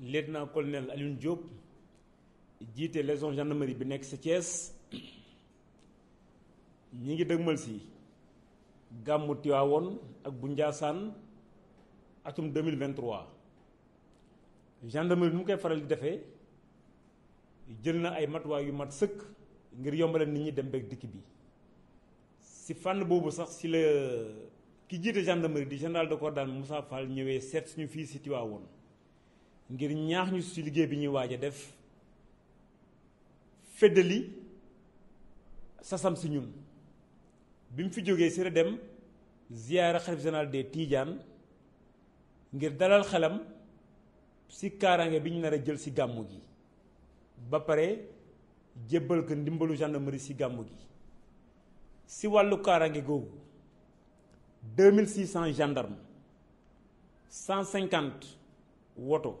lieutenant colonel Alioune Diop jiite légion gendarmerie bi nekk ci Thiès ñi ngi dëgmal si gàmmu Tiwaawoon ak bu Njaasaan atum 2023 gendarmerie bi mu koy faral di defee jël na ay matuwaay yu mat sëkk ngir yombale nit ñi dem beeg dikk bi si fànn boobu sax si la ki jiite gendarmerie di général de corps d'armée Moussa Fall ñëwee seet suñu fii si Tiwaawoon ngir ñaax ñu ci liggéey bi ñuy waaj a def feddali sasam si ñun bi mu fi jógee si la dem ziyaara xalif général des Tidiane ngir dalal xelam si kaaraange bi ñu nar a jël si gàmmu gi ba pare jébbal ko ndimbalu gendarmerie ci gàmmu gi si wàllu kaaraange googu 2600 gendarme 150 woto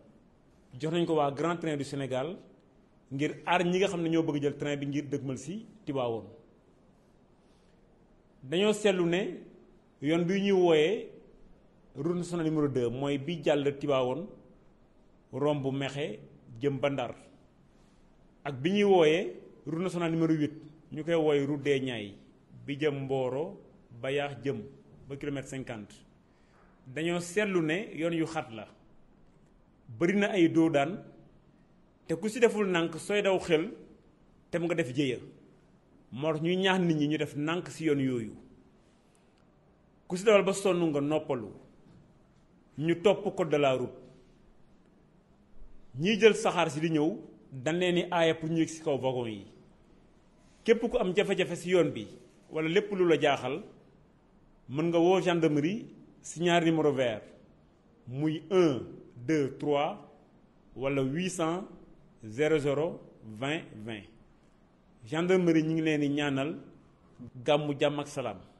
jox nañ ko waa Grand Train du Sénégal ngir aar ñi nga xam ne ñoo bëgg jël train bi ngir dëgmal si Tiwaawoon dañoo seetlu ne yoon bi ñuy wooyee route nationale numéro 2 mooy bi jàll Tiwaawoon romb Mexe jëm ak bi ñuy wooyee route nationale numéro 8 ñu koy wooye route ñaay bi jëm Mboro ba Yaax jëm ba kilomètre 50 dañoo seetlu ne yoon yu xat la bari na ay doo daan te ku si deful nank sooy daw xel tem nga def jéya mor ñuy ñaax nit ñi ñu def nank si yoon yooyu ku si dawal ba sonn nga noppalu ñu topp ko de la route ñiy jël saxaar si di ñëw leen ni aaya pour ñu si kaw wagon yi képp ku am jafe-jafe si yoon bi wala lépp lu la jaaxal mën nga woo gendarmerie si ñaar numéro vert muy 1 2 3 wala 800 00 20 20 gendarmerie ñing ñaanal ak